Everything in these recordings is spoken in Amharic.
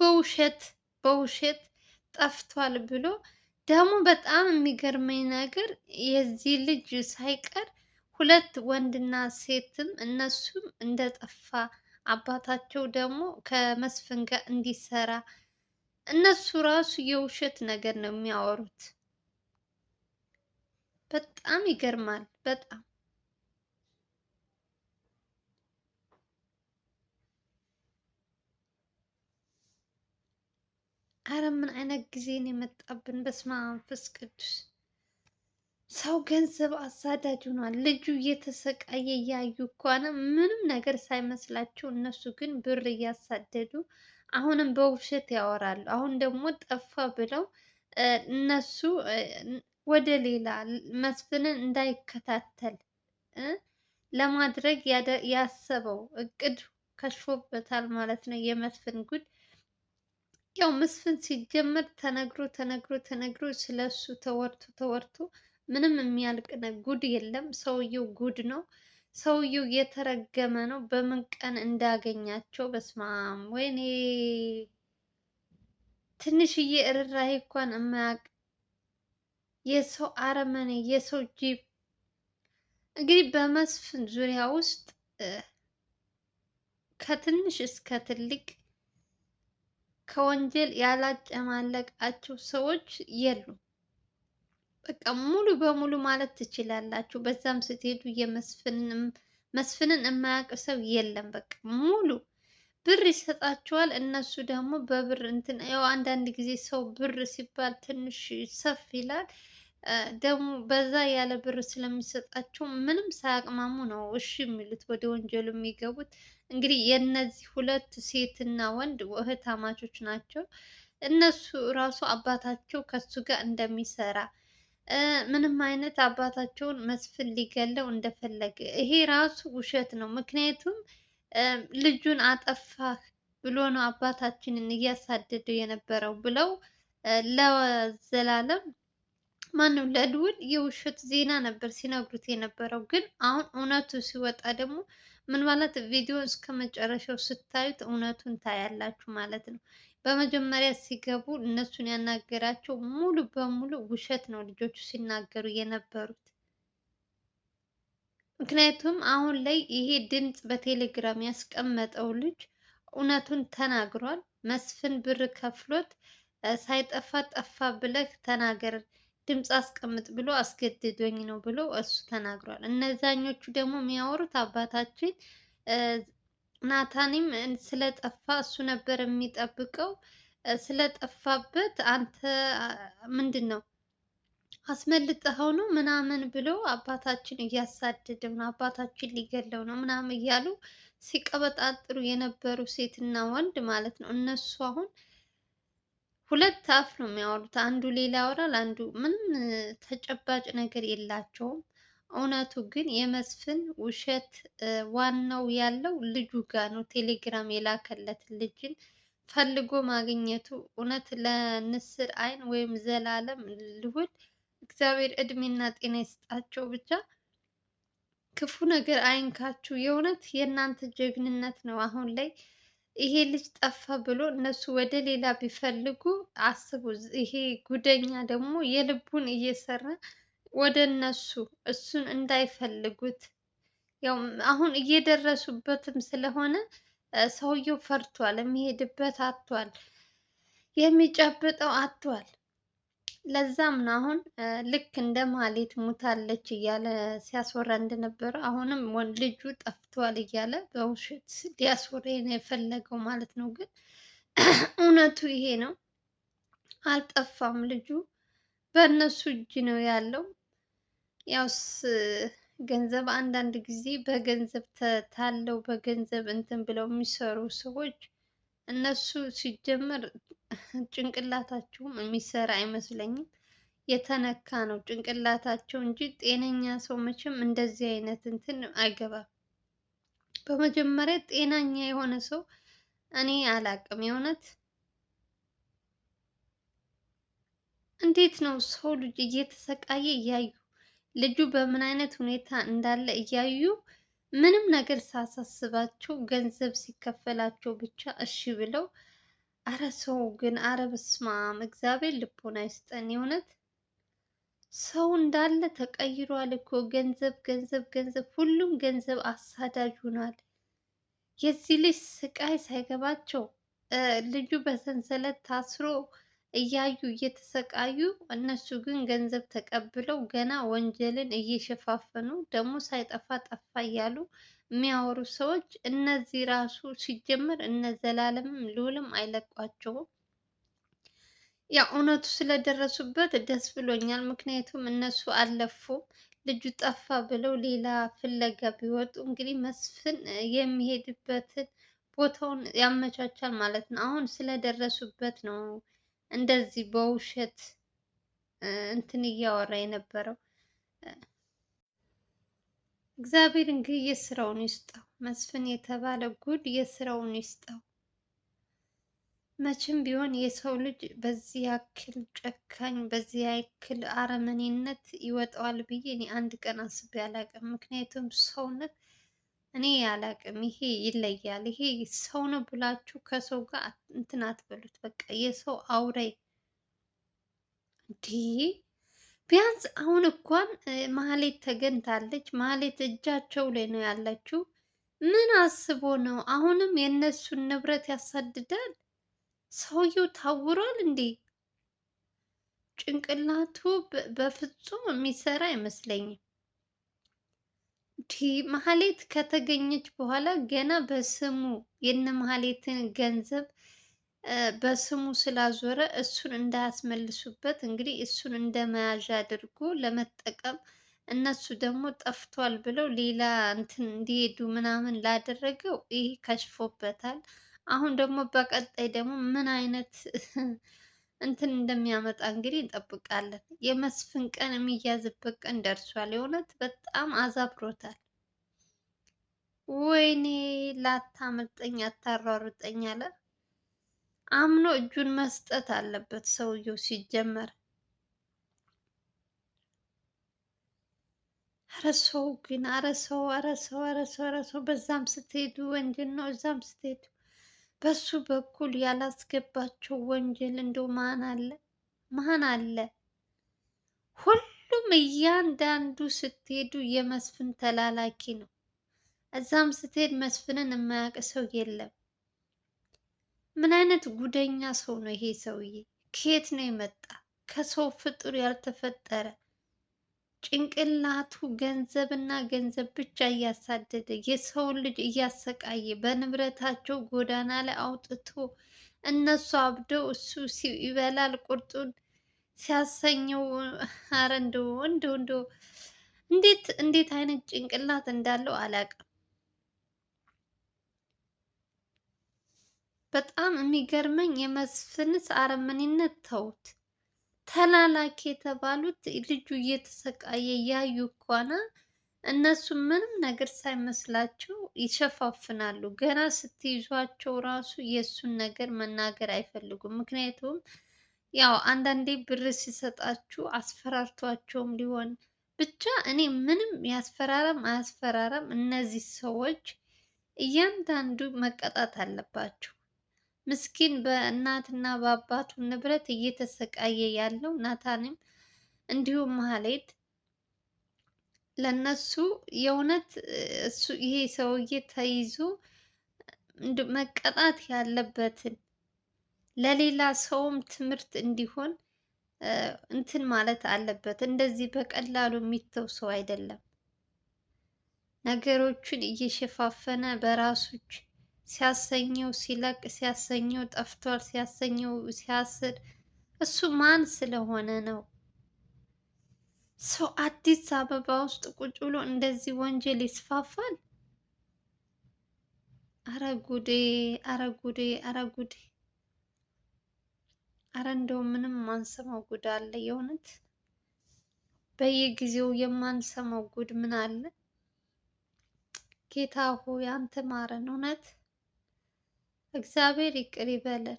በውሸት በውሸት ጠፍቷል ብሎ ደግሞ በጣም የሚገርመኝ ነገር የዚህ ልጅ ሳይቀር ሁለት ወንድና ሴትም እነሱም እንደጠፋ አባታቸው ደግሞ ከመስፍን ጋር እንዲሰራ እነሱ ራሱ የውሸት ነገር ነው የሚያወሩት። በጣም ይገርማል በጣም አረ ምን አይነት ጊዜ የመጣብን! በስመ አብ መንፈስ ቅዱስ። ሰው ገንዘብ አሳዳጅ ሆኗል። ልጁ እየተሰቃየ እያዩ ከሆነ ምንም ነገር ሳይመስላቸው እነሱ ግን ብር እያሳደዱ አሁንም በውሸት ያወራሉ። አሁን ደግሞ ጠፋ ብለው እነሱ ወደ ሌላ መስፍንን እንዳይከታተል ለማድረግ ያሰበው እቅድ ከሽፎበታል ማለት ነው የመስፍን ጉድ። ያው መስፍን ሲጀመር ተነግሮ ተነግሮ ተነግሮ ስለሱ ተወርቶ ተወርቶ ምንም የሚያልቅ ጉድ የለም። ሰውየው ጉድ ነው። ሰውየው የተረገመ ነው። በምን ቀን እንዳገኛቸው በስማም፣ ወይኔ ትንሽዬ እርራይ እንኳን የማያውቅ የሰው አረመኔ፣ የሰው ጅብ። እንግዲህ በመስፍን ዙሪያ ውስጥ ከትንሽ እስከ ትልቅ ከወንጀል ያላጨማለቃችሁ ሰዎች የሉም። በቃ ሙሉ በሙሉ ማለት ትችላላችሁ። በዛም ስትሄዱ መስፍንን የማያውቅ ሰው የለም። በቃ ሙሉ ብር ይሰጣችኋል። እነሱ ደግሞ በብር እንትን ያው አንዳንድ ጊዜ ሰው ብር ሲባል ትንሽ ሰፍ ይላል። ደግሞ በዛ ያለ ብር ስለሚሰጣቸው ምንም ሳያቅማሙ ነው እሺ የሚሉት ወደ ወንጀሉ የሚገቡት። እንግዲህ የእነዚህ ሁለት ሴትና ወንድ እህትማማቾች ናቸው። እነሱ ራሱ አባታቸው ከሱ ጋር እንደሚሰራ ምንም አይነት አባታቸውን መስፍን ሊገለው እንደፈለገ ይሄ ራሱ ውሸት ነው። ምክንያቱም ልጁን አጠፋህ ብሎ ነው አባታችንን እያሳደደው የነበረው ብለው ለዘላለም ማንም ለልዑል የውሸት ዜና ነበር ሲነግሩት የነበረው። ግን አሁን እውነቱ ሲወጣ ደግሞ ምን ማለት ቪዲዮ እስከ መጨረሻው ስታዩት እውነቱን ታያላችሁ ማለት ነው። በመጀመሪያ ሲገቡ እነሱን ያናገራቸው ሙሉ በሙሉ ውሸት ነው ልጆቹ ሲናገሩ የነበሩት። ምክንያቱም አሁን ላይ ይሄ ድምፅ በቴሌግራም ያስቀመጠው ልጅ እውነቱን ተናግሯል። መስፍን ብር ከፍሎት ሳይጠፋ ጠፋ ብለህ ተናገር ድምፅ አስቀምጥ ብሎ አስገድዶኝ ነው ብሎ እሱ ተናግሯል። እነዛኞቹ ደግሞ የሚያወሩት አባታችን ናታኒም ስለጠፋ እሱ ነበር የሚጠብቀው ስለጠፋበት አንተ ምንድን ነው አስመልጠኸው ነው ምናምን ብሎ አባታችን እያሳደደው ነው፣ አባታችን ሊገለው ነው ምናምን እያሉ ሲቀበጣጥሩ የነበሩ ሴትና ወንድ ማለት ነው። እነሱ አሁን ሁለት አፍ ነው የሚያወሩት። አንዱ ሌላ ያወራል፣ አንዱ ምን ተጨባጭ ነገር የላቸውም። እውነቱ ግን የመስፍን ውሸት ዋናው ያለው ልጁ ጋር ነው። ቴሌግራም የላከለት ልጅን ፈልጎ ማግኘቱ እውነት ለንስር አይን ወይም ዘላለም ልዑል እግዚአብሔር እድሜና ጤና ይስጣቸው። ብቻ ክፉ ነገር አይንካችሁ። የእውነት የእናንተ ጀግንነት ነው አሁን ላይ ይሄ ልጅ ጠፋ ብሎ እነሱ ወደ ሌላ ቢፈልጉ አስቡ። ይሄ ጉደኛ ደግሞ የልቡን እየሰራ ወደ እነሱ እሱን እንዳይፈልጉት ያው አሁን እየደረሱበትም ስለሆነ ሰውየው ፈርቷል። የሚሄድበት አጥቷል። የሚጨብጠው አጥቷል። ለዛም ነው አሁን ልክ እንደ ማሌት ሙታለች እያለ ሲያስወራ እንደነበረ አሁንም ልጁ ጠፍቷል እያለ በውሸት ሊያስወራ የፈለገው ማለት ነው። ግን እውነቱ ይሄ ነው። አልጠፋም። ልጁ በእነሱ እጅ ነው ያለው። ያውስ ገንዘብ አንዳንድ ጊዜ በገንዘብ ታለው በገንዘብ እንትን ብለው የሚሰሩ ሰዎች እነሱ ሲጀመር ጭንቅላታቸው የሚሰራ አይመስለኝም። የተነካ ነው ጭንቅላታቸው እንጂ ጤነኛ ሰው መቼም እንደዚህ አይነት እንትን አይገባም። በመጀመሪያ ጤናኛ የሆነ ሰው እኔ አላቅም። የእውነት እንዴት ነው ሰው ልጅ እየተሰቃየ እያዩ ልጁ በምን አይነት ሁኔታ እንዳለ እያዩ ምንም ነገር ሳሳስባቸው ገንዘብ ሲከፈላቸው ብቻ እሺ ብለው አረ ሰው ግን አረ በስመ አብ እግዚአብሔር ልቦና ይስጠን። የእውነት ሰው እንዳለ ተቀይሯል እኮ ገንዘብ ገንዘብ ገንዘብ፣ ሁሉም ገንዘብ አሳዳጅ ሆኗል። የዚህ ልጅ ስቃይ ሳይገባቸው ልጁ በሰንሰለት ታስሮ እያዩ እየተሰቃዩ እነሱ ግን ገንዘብ ተቀብለው ገና ወንጀልን እየሸፋፈኑ ደግሞ ሳይጠፋ ጠፋ እያሉ የሚያወሩ ሰዎች እነዚህ ራሱ ሲጀምር እነ ዘላለምም ልዑልም አይለቋቸውም። ያው እውነቱ ስለደረሱበት ደስ ብሎኛል። ምክንያቱም እነሱ አለፉም ልጁ ጠፋ ብለው ሌላ ፍለጋ ቢወጡ እንግዲህ መስፍን የሚሄድበትን ቦታውን ያመቻቻል ማለት ነው። አሁን ስለደረሱበት ነው እንደዚህ በውሸት እንትን እያወራ የነበረው እግዚአብሔር እንግዲህ የስራውን ይስጠው። መስፍን የተባለ ጉድ የስራውን ይስጠው። መቼም ቢሆን የሰው ልጅ በዚህ ያክል ጨካኝ፣ በዚህ ያክል አረመኔነት ይወጣዋል ብዬ እኔ አንድ ቀን አስቤ አላውቅም። ምክንያቱም ሰውነት እኔ አላቅም። ይሄ ይለያል። ይሄ ሰው ነው ብላችሁ ከሰው ጋር እንትን አትበሉት። በቃ የሰው አውሬ እንዲህ ቢያንስ አሁን እንኳን ማህሌት ተገኝታለች። ማህሌት እጃቸው ላይ ነው ያለችው። ምን አስቦ ነው አሁንም የእነሱን ንብረት ያሳድዳል? ሰውየው ታውሯል እንዴ? ጭንቅላቱ በፍጹም የሚሰራ አይመስለኝም። መሀሌት ከተገኘች በኋላ ገና በስሙ የነ መሀሌትን ገንዘብ በስሙ ስላዞረ እሱን እንዳያስመልሱበት እንግዲህ እሱን እንደ መያዣ አድርጎ ለመጠቀም እነሱ ደግሞ ጠፍቷል ብለው ሌላ እንትን እንዲሄዱ ምናምን ላደረገው ይህ ከሽፎበታል። አሁን ደግሞ በቀጣይ ደግሞ ምን አይነት እንትን እንደሚያመጣ እንግዲህ እንጠብቃለን። የመስፍን ቀን የሚያዝበት ቀን ደርሷል። የእውነት በጣም አዛብሮታል። ወይኔ ላታመልጠኝ አታሯሩጠኝ አለ። አምኖ እጁን መስጠት አለበት ሰውየው ሲጀመር። ኧረ ሰው ግን ኧረ ሰው ኧረ ሰው ኧረ ሰው ኧረ ሰው በዛም ስትሄዱ ወንድ ነው እዛም ስትሄዱ በሱ በኩል ያላስገባቸው ወንጀል እንደው ማን አለ? ማን አለ? ሁሉም እያንዳንዱ ስትሄዱ የመስፍን ተላላኪ ነው። እዛም ስትሄድ መስፍንን የማያውቅ ሰው የለም። ምን አይነት ጉደኛ ሰው ነው ይሄ ሰውዬ? ከየት ነው የመጣ? ከሰው ፍጡር ያልተፈጠረ ጭንቅላቱ ገንዘብና ገንዘብ ብቻ እያሳደደ የሰውን ልጅ እያሰቃየ በንብረታቸው ጎዳና ላይ አውጥቶ እነሱ አብደው እሱ ይበላል ቁርጡን ሲያሰኘው። አረ እንደው እንደው እንደው እንዴት እንዴት አይነት ጭንቅላት እንዳለው አላውቅም። በጣም የሚገርመኝ የመስፍንስ አረመኔነት ተውት። ተላላኪ የተባሉት ልጁ እየተሰቃየ እያዩ እንኳን እነሱ ምንም ነገር ሳይመስላቸው ይሸፋፍናሉ። ገና ስትይዟቸው ራሱ የእሱን ነገር መናገር አይፈልጉም። ምክንያቱም ያው አንዳንዴ ብር ሲሰጣችሁ አስፈራርቷቸውም ሊሆን ብቻ እኔ ምንም ያስፈራረም አያስፈራረም፣ እነዚህ ሰዎች እያንዳንዱ መቀጣት አለባቸው። ምስኪን በእናትና በአባቱ ንብረት እየተሰቃየ ያለው ናታንም እንዲሁም ማህሌት ለነሱ የእውነት እሱ ይሄ ሰውዬ ተይዞ መቀጣት ያለበትን ለሌላ ሰውም ትምህርት እንዲሆን እንትን ማለት አለበት። እንደዚህ በቀላሉ የሚተው ሰው አይደለም። ነገሮችን እየሸፋፈነ በራሱ ሲያሰኘው ሲለቅ ሲያሰኘው ጠፍቷል ሲያሰኘው ሲያስር እሱ ማን ስለሆነ ነው? ሰው አዲስ አበባ ውስጥ ቁጭ ብሎ እንደዚህ ወንጀል ይስፋፋል? አረ ጉዴ! አረ ጉዴ! አረ ጉዴ! አረ እንደው ምንም ማንሰማው ጉድ አለ። የእውነት በየጊዜው የማንሰማው ጉድ ምን አለ? ጌታ ሆይ አንተ ማረን እውነት እግዚአብሔር ይቅር ይበለን፣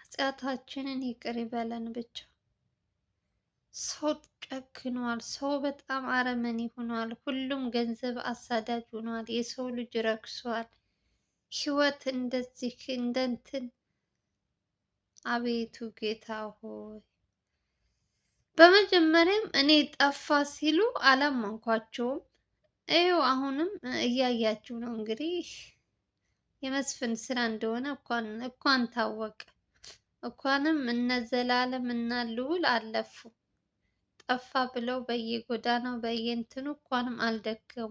ኃጢአታችንን ይቅር ይበለን ብቻ። ሰው ጨክኗል። ሰው በጣም አረመኔ ሆኗል። ሁሉም ገንዘብ አሳዳጅ ሆኗል። የሰው ልጅ ረክሷል። ህይወት እንደዚህ እንደንትን አቤቱ ጌታ ሆይ በመጀመሪያም እኔ ጠፋ ሲሉ አላመንኳቸውም። ይኸው አሁንም እያያችሁ ነው እንግዲህ የመስፍን ስራ እንደሆነ እኳን ታወቀ። እኳንም እነ ዘላለም እና ልዑል አለፉ። ጠፋ ብለው በየጎዳናው በየእንትኑ እኳንም አልደከሙ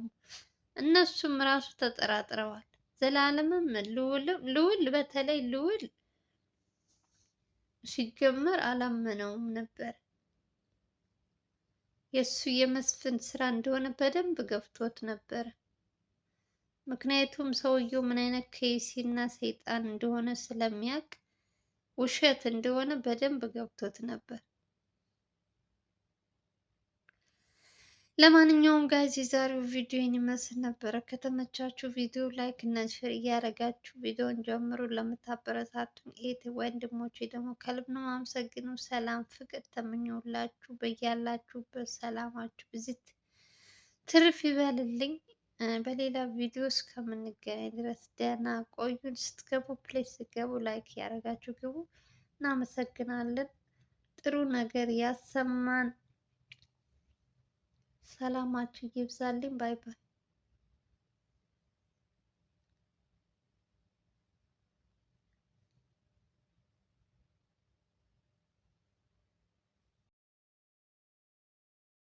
እነሱም ራሱ ተጠራጥረዋል። ዘላለምም ልዑል በተለይ ልዑል ሲጀመር አላመነውም ነበር። የእሱ የመስፍን ስራ እንደሆነ በደንብ ገብቶት ነበር። ምክንያቱም ሰውየው ምን አይነት ከይሲ እና ሰይጣን እንደሆነ ስለሚያውቅ ውሸት እንደሆነ በደንብ ገብቶት ነበር። ለማንኛውም ጋይዝ የዛሬው ቪዲዮ ይመስል ነበረ። ከተመቻችሁ ቪዲዮ ላይክ እና ሼር እያደረጋችሁ ቪዲዮውን ጀምሩ። ለምታበረታቱን ኤት ወንድሞቼ ደግሞ ከልብ ነው አመሰግኑ። ሰላም ፍቅር ተመኘሁላችሁ። በያላችሁበት ሰላማችሁ ብዝት ትርፍ ይበልልኝ። በሌላ ቪዲዮ እስከምንገናኝ ድረስ ደህና ቆዩን። ስትገቡ ፕሌስ ስትገቡ ላይክ ያደረጋችሁ ግቡ። እናመሰግናለን። ጥሩ ነገር ያሰማን። ሰላማችሁ ይብዛልኝ። ባይ ባይ።